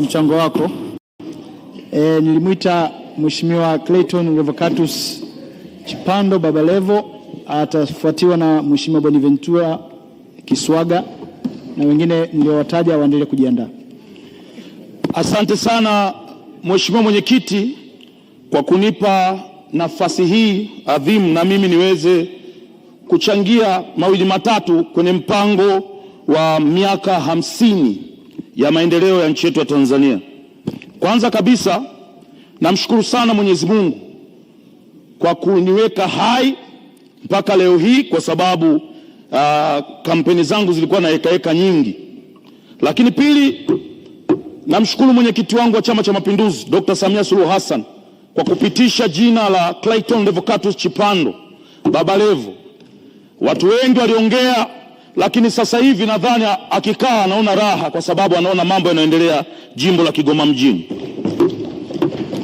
Mchango wako e, nilimwita Mheshimiwa Clayton Revocatus Chipando Baba Levo, atafuatiwa na Mheshimiwa Bonaventura Kiswaga na wengine niliowataja waendelee kujiandaa. Asante sana Mheshimiwa Mwenyekiti kwa kunipa nafasi hii adhimu na mimi niweze kuchangia mawili matatu kwenye mpango wa miaka hamsini ya maendeleo ya nchi yetu ya Tanzania. Kwanza kabisa namshukuru sana Mwenyezi Mungu kwa kuniweka hai mpaka leo hii, kwa sababu uh, kampeni zangu zilikuwa na hekaheka nyingi. Lakini pili, namshukuru mwenyekiti wangu wa Chama cha Mapinduzi Dr. Samia Suluhu Hassan kwa kupitisha jina la Clayton Levocatus Chipando Baba Levo. Watu wengi waliongea lakini sasa hivi nadhani akikaa anaona raha, kwa sababu anaona mambo yanaendelea jimbo la Kigoma mjini.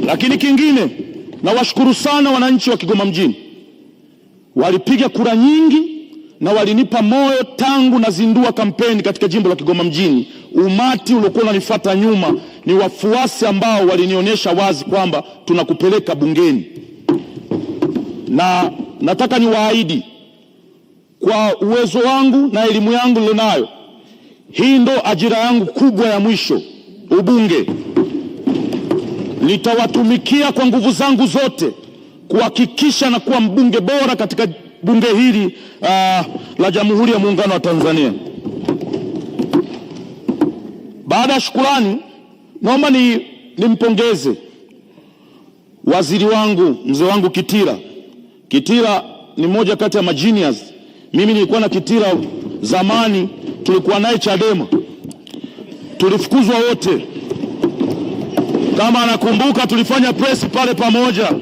Lakini kingine, nawashukuru sana wananchi wa Kigoma mjini, walipiga kura nyingi na walinipa moyo tangu nazindua kampeni katika jimbo la Kigoma mjini. Umati uliokuwa unanifuata nyuma ni wafuasi ambao walinionyesha wazi kwamba tunakupeleka bungeni, na nataka niwaahidi kwa uwezo wangu na elimu yangu nilionayo, hii ndo ajira yangu kubwa ya mwisho, ubunge. Nitawatumikia kwa nguvu zangu zote kuhakikisha na kuwa mbunge bora katika bunge hili uh, la Jamhuri ya Muungano wa Tanzania. Baada ya shukurani, naomba ni nimpongeze waziri wangu mzee wangu Kitila. Kitila ni mmoja kati ya majinias mimi nilikuwa na Kitila zamani, tulikuwa naye Chadema, tulifukuzwa wote. Kama anakumbuka, tulifanya press pale pamoja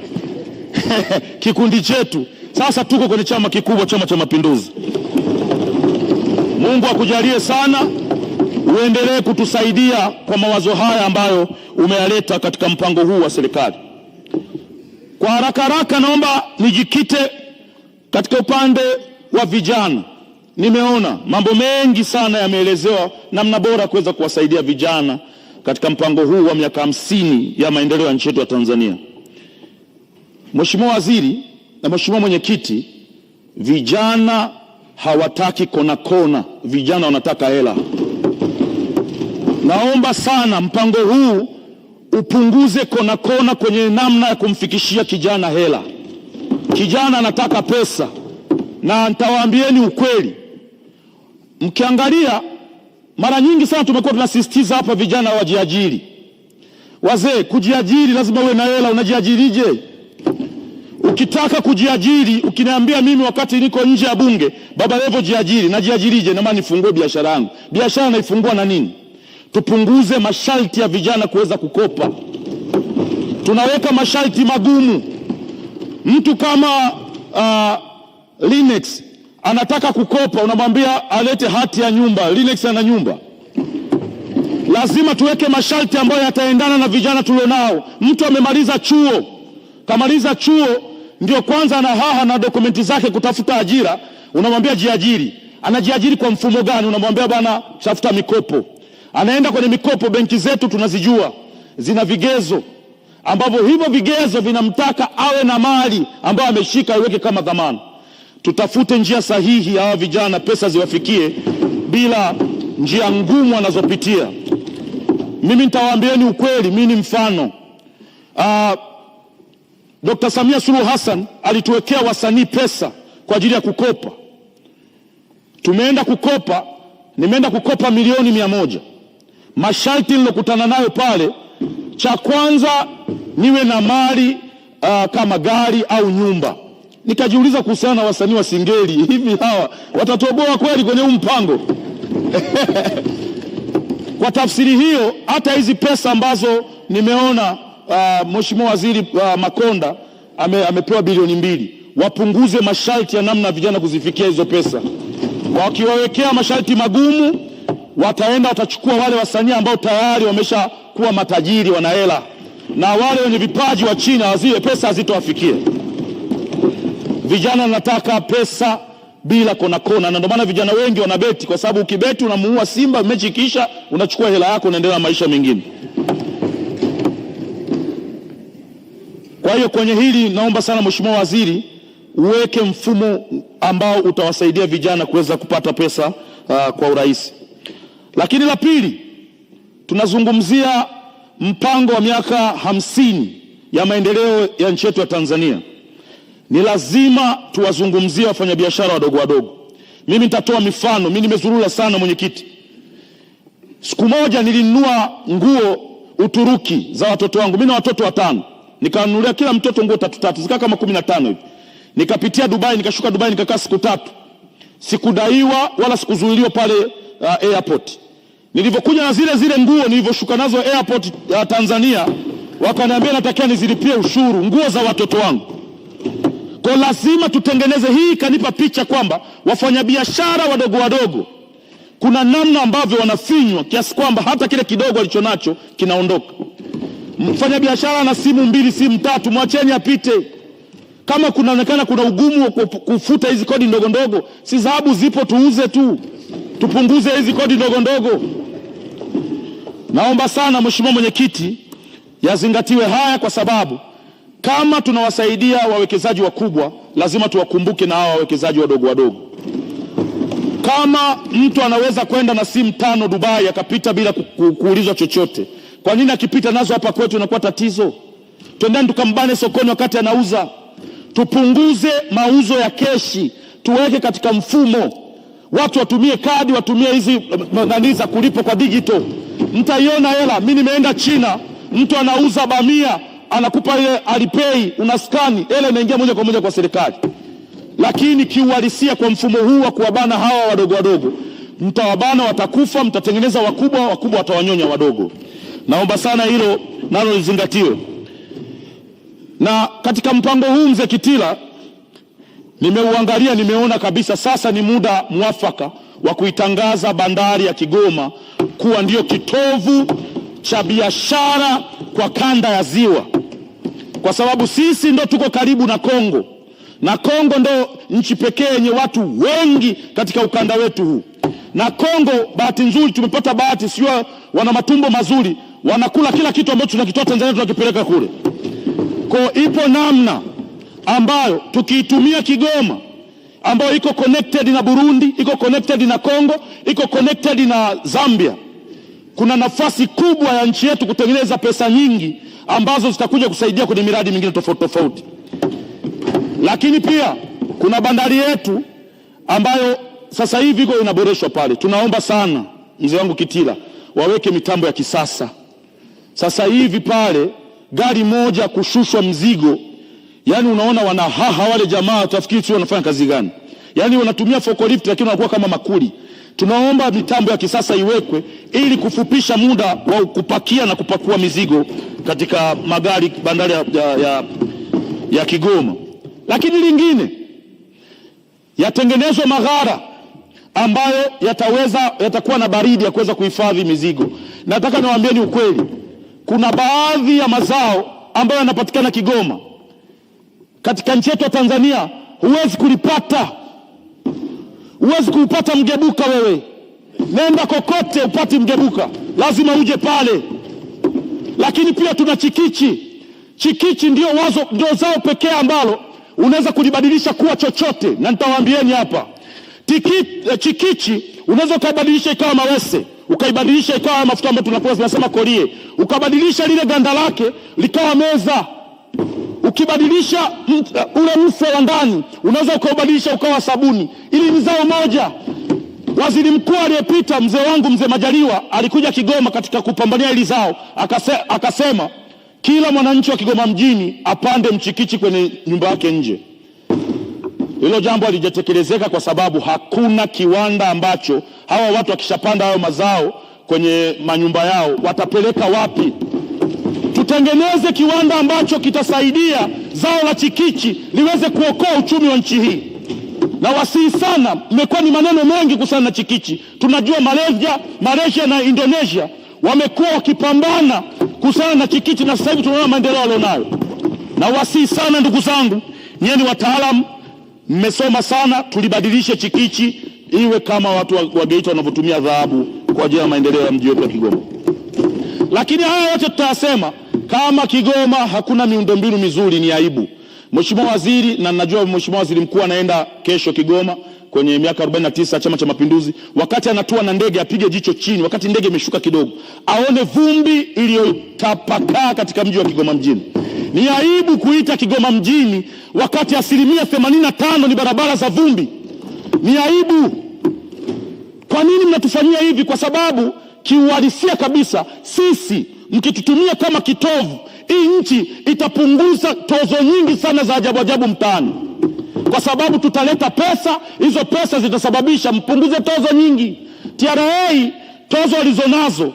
kikundi chetu. Sasa tuko kwenye chama kikubwa, Chama cha Mapinduzi. Mungu akujalie sana, uendelee kutusaidia kwa mawazo haya ambayo umeyaleta katika mpango huu wa serikali. Kwa haraka haraka, naomba nijikite katika upande wa vijana, nimeona mambo mengi sana yameelezewa, namna bora kuweza kuwasaidia vijana katika mpango huu wa miaka hamsini ya maendeleo ya nchi yetu ya Tanzania. Mheshimiwa Waziri na Mheshimiwa Mwenyekiti, vijana hawataki kona kona, vijana wanataka hela. Naomba sana mpango huu upunguze kona kona kwenye namna ya kumfikishia kijana hela. Kijana anataka pesa na nitawaambieni ukweli, mkiangalia mara nyingi sana tumekuwa tunasisitiza hapa vijana wajiajiri. Wazee, kujiajiri lazima uwe na hela. Unajiajirije? Ukitaka kujiajiri, ukiniambia mimi wakati niko nje ya Bunge, Baba Levo jiajiri, najiajirije? maana nifungue biashara yangu. Biashara naifungua na nini? Tupunguze masharti ya vijana kuweza kukopa. Tunaweka masharti magumu, mtu kama uh, Linex anataka kukopa, unamwambia alete hati ya nyumba. Linex ana nyumba. Lazima tuweke masharti ambayo yataendana na vijana tulionao. Mtu amemaliza chuo, kamaliza chuo ndio kwanza anahaha haha na dokumenti zake kutafuta ajira, unamwambia jiajiri. Anajiajiri kwa mfumo gani? Unamwambia bana, tafuta mikopo. Anaenda kwenye mikopo, benki zetu tunazijua, zina vigezo ambavyo hivyo vigezo vinamtaka awe na mali ambayo ameshika aiweke kama dhamana tutafute njia sahihi hawa vijana, pesa ziwafikie bila njia ngumu wanazopitia. Mimi nitawaambieni ukweli, mimi ni mfano. Uh, ah, Dr. Samia Suluhu Hassan alituwekea wasanii pesa kwa ajili ya kukopa. Tumeenda kukopa, nimeenda kukopa milioni mia moja. Masharti nilokutana nayo pale, cha kwanza niwe na mali uh, kama gari au nyumba Nikajiuliza kuhusiana na wasanii wa Singeli, hivi hawa watatoboa kweli kwenye huu mpango? Kwa tafsiri hiyo, hata hizi pesa ambazo nimeona uh, Mheshimiwa Waziri uh, Makonda ame, amepewa bilioni mbili, wapunguze masharti ya namna vijana kuzifikia hizo pesa. Wakiwawekea masharti magumu, wataenda watachukua wale wasanii ambao tayari wameshakuwa matajiri, wanahela na wale wenye vipaji wa chini hawaziwe pesa hazitowafikia. Vijana nataka pesa bila kona kona, na ndio maana vijana wengi wanabeti, kwa sababu ukibeti unamuua Simba, mechi ikisha unachukua hela yako unaendelea na maisha mengine. Kwa hiyo kwenye hili naomba sana Mheshimiwa Waziri uweke mfumo ambao utawasaidia vijana kuweza kupata pesa uh, kwa urahisi. Lakini la pili, tunazungumzia mpango wa miaka hamsini ya maendeleo ya nchi yetu ya Tanzania. Ni lazima tuwazungumzie wafanyabiashara wadogo wadogo. Mimi nitatoa mifano. Mimi nimezurura sana mwenyekiti. Siku moja nilinunua nguo Uturuki za watoto wangu, mimi na watoto watano, nikanunulia kila mtoto nguo tatu tatu, zikaa kama kumi na tano hivi. Nikapitia Dubai, nikashuka Dubai, nikakaa siku tatu, sikudaiwa wala sikuzuiliwa pale uh, airport. Nilivyokuja na zile zile nguo nilivyoshuka nazo airport ya uh, Tanzania, wakaniambia natakiwa nizilipie ushuru nguo za watoto wangu. Kwa lazima tutengeneze hii, ikanipa picha kwamba wafanyabiashara wadogo wadogo kuna namna ambavyo wanafinywa kiasi kwamba hata kile kidogo alichonacho kinaondoka. Mfanyabiashara na simu mbili, simu tatu, mwacheni apite. Kama kunaonekana kuna ugumu wa kufuta hizi kodi ndogo ndogo, si dhahabu zipo, tuuze tu, tupunguze hizi kodi ndogo ndogo. Naomba sana Mheshimiwa Mwenyekiti, yazingatiwe haya kwa sababu kama tunawasaidia wawekezaji wakubwa, lazima tuwakumbuke na hawa wawekezaji wadogo wadogo. Kama mtu anaweza kwenda na simu tano Dubai akapita bila kuulizwa chochote, kwa nini akipita nazo hapa kwetu inakuwa tatizo? Twendeni tukambane sokoni wakati anauza. Tupunguze mauzo ya keshi, tuweke katika mfumo, watu watumie kadi, watumie hizi eh, nani za kulipo kwa digital. Mtaiona hela. Mi nimeenda China, mtu anauza bamia anakupa ile alipei, unaskani hela inaingia moja kwa moja kwa serikali. Lakini kiuhalisia kwa mfumo huu wa kuwabana hawa wadogo wadogo, mtawabana watakufa, mtatengeneza wakubwa, wakubwa watawanyonya wadogo. Naomba sana hilo nalo lizingatiwe. Na katika mpango huu mzee Kitila nimeuangalia, nimeona kabisa sasa ni muda mwafaka wa kuitangaza bandari ya Kigoma kuwa ndio kitovu cha biashara kwa kanda ya Ziwa kwa sababu sisi ndo tuko karibu na Kongo na Kongo ndo nchi pekee yenye watu wengi katika ukanda wetu huu. Na Kongo, bahati nzuri, tumepata bahati, sio wana matumbo mazuri, wanakula kila kitu ambacho tunakitoa Tanzania tunakipeleka kule. Kwa ipo namna ambayo tukiitumia Kigoma ambayo iko connected na Burundi, iko connected na Kongo, iko connected na Zambia, kuna nafasi kubwa ya nchi yetu kutengeneza pesa nyingi ambazo zitakuja kusaidia kwenye miradi mingine tofauti tofauti. Lakini pia kuna bandari yetu ambayo sasa hivi iko inaboreshwa pale. Tunaomba sana mzee wangu Kitila waweke mitambo ya kisasa. Sasa hivi pale gari moja kushushwa mzigo, yani unaona wanahaha wale jamaa, tafikiri sio wanafanya kazi gani? Yani wanatumia forklift lakini wanakuwa kama makuli. Tunaomba mitambo ya kisasa iwekwe ili kufupisha muda wa kupakia na kupakua mizigo katika magari bandari ya, ya, ya, ya Kigoma. Lakini lingine, yatengenezwe maghara ambayo yataweza yatakuwa na baridi ya kuweza kuhifadhi mizigo. Nataka niwaambieni ukweli, kuna baadhi ya mazao ambayo yanapatikana Kigoma katika nchi yetu ya Tanzania huwezi kulipata Huwezi kuupata mgebuka wewe, nenda kokote upati mgebuka, lazima uje pale. Lakini pia tuna chikichi. Chikichi ndio wazo, ndio zao pekee ambalo unaweza kulibadilisha kuwa chochote, na nitawaambieni hapa Tiki, eh, chikichi unaweza ukaibadilisha ikawa mawese, ukaibadilisha ikawa mafuta ambayo tunakuwa tunasema kolie, ukabadilisha lile ganda lake likawa meza. Ukibadilisha ule mfe wa ndani unaweza ukaubadilisha ukawa sabuni, ili ni zao moja. Waziri mkuu aliyepita mzee wangu mzee Majaliwa alikuja Kigoma katika kupambania hili zao, akase, akasema kila mwananchi wa Kigoma mjini apande mchikichi kwenye nyumba yake nje. Hilo jambo halijatekelezeka kwa sababu hakuna kiwanda ambacho hawa watu wakishapanda hayo mazao kwenye manyumba yao watapeleka wapi? tutengeneze kiwanda ambacho kitasaidia zao la chikichi liweze kuokoa uchumi wa nchi hii. Na wasihi sana, mmekuwa ni maneno mengi kuhusiana na chikichi. Tunajua Malaysia, Malaysia na Indonesia wamekuwa wakipambana kuhusiana na chikichi, na sasa hivi tunaona maendeleo walionayo. Na wasihi sana, ndugu zangu, nyie ni wataalamu, mmesoma sana, tulibadilishe chikichi iwe kama watu wa Geita wanavyotumia dhahabu kwa ajili ya maendeleo ya mji wetu wa Kigoma. Lakini haya yote tutayasema kama Kigoma hakuna miundombinu mizuri ni aibu. Mheshimiwa Waziri, na najua Mheshimiwa Waziri Mkuu anaenda kesho Kigoma kwenye miaka 49 Chama cha Mapinduzi, wakati anatua na ndege apige jicho chini, wakati ndege imeshuka kidogo, aone vumbi iliyotapakaa katika mji wa Kigoma mjini. Ni aibu kuita Kigoma mjini wakati asilimia 85 ni barabara za vumbi. Ni aibu. Kwa nini mnatufanyia hivi? Kwa sababu kiuhalisia kabisa sisi mkitutumia kama kitovu, hii nchi itapunguza tozo nyingi sana za ajabu ajabu mtaani, kwa sababu tutaleta pesa. Hizo pesa zitasababisha mpunguze tozo nyingi. TRA tozo alizonazo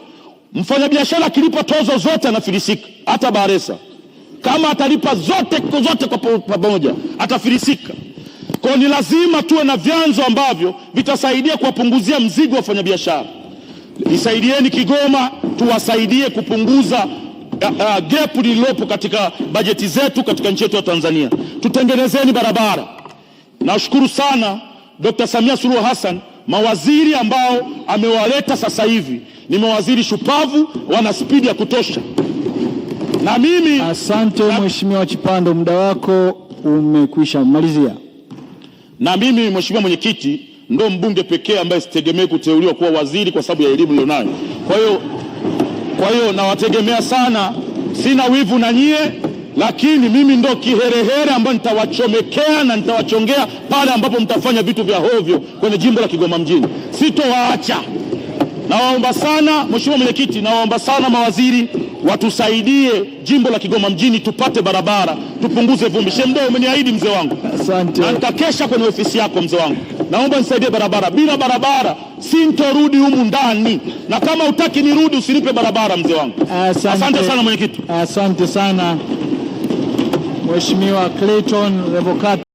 mfanyabiashara akilipa tozo zote anafilisika, hata baresa kama atalipa zote zote kwa pamoja atafilisika. Kwa ni lazima tuwe na vyanzo ambavyo vitasaidia kuwapunguzia mzigo wa wafanyabiashara. Isaidieni Kigoma tuwasaidie kupunguza uh, uh, gap lililopo katika bajeti zetu katika nchi yetu ya Tanzania. Tutengenezeni barabara. Nashukuru sana Dr. Samia Suluhu Hassan, mawaziri ambao amewaleta sasa hivi ni mawaziri shupavu, wana spidi ya kutosha na mimi asante na... Mheshimiwa Chipando, muda wako umekwisha malizia. Na mimi Mheshimiwa Mwenyekiti, ndo mbunge pekee ambaye sitegemei kuteuliwa kuwa waziri kwa sababu ya elimu nilionayo, kwa hiyo kwa hiyo nawategemea sana, sina wivu na nyie, lakini mimi ndo kiherehere ambayo nitawachomekea na nitawachongea pale ambapo mtafanya vitu vya hovyo kwenye jimbo la Kigoma mjini, sitowaacha. Nawaomba sana Mheshimiwa Mwenyekiti, nawaomba sana mawaziri watusaidie jimbo la Kigoma mjini tupate barabara, tupunguze vumbi. Shemdo, umeniahidi mzee wangu, asante, na nitakesha kwenye ofisi yako mzee wangu naomba nisaidie barabara. Bila barabara sintorudi humu ndani, na kama utaki nirudi usinipe barabara, mzee wangu. Asante, asante sana mwenyekiti. Asante sana Mheshimiwa Clayton Revocat.